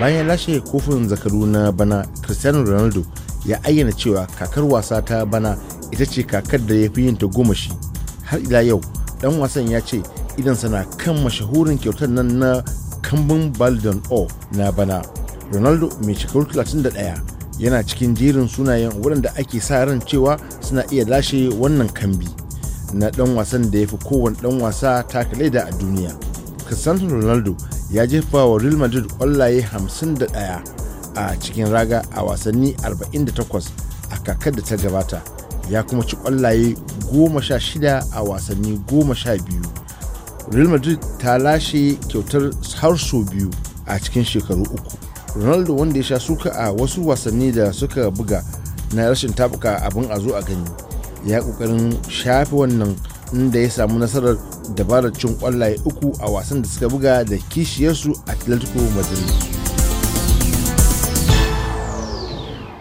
bayan lashe kofin zakaru na bana cristiano ronaldo ya ayyana cewa kakar wasa ta bana ita ce kakar da ya fi yin ta goma shi har ila yau dan wasan ya ce idansa na kan mashahurin kyautar nan na kambun baldon o na bana ronaldo mai shekaru 31 yana cikin jerin sunayen waɗanda ake sa ran cewa suna iya lashe wannan kambi na dan wasan da ya fi kowane dan wasa taka leda a duniya cristiano ronaldo ya jefa wa real madrid kwallaye 51 a cikin raga a wasanni 48 a kakar da ta gabata ya kuma ci kwallaye 16 a wasanni 12 real madrid ta lashe kyautar har sau biyu a cikin shekaru uku ronaldo wanda ya sha suka a wasu wasanni da suka buga na rashin tabuka abin a zo a gani ya kokarin shafe wannan inda ya samu nasarar dabarar cin kwallaye uku a wasan da suka buga da kishiyarsu atletico madrid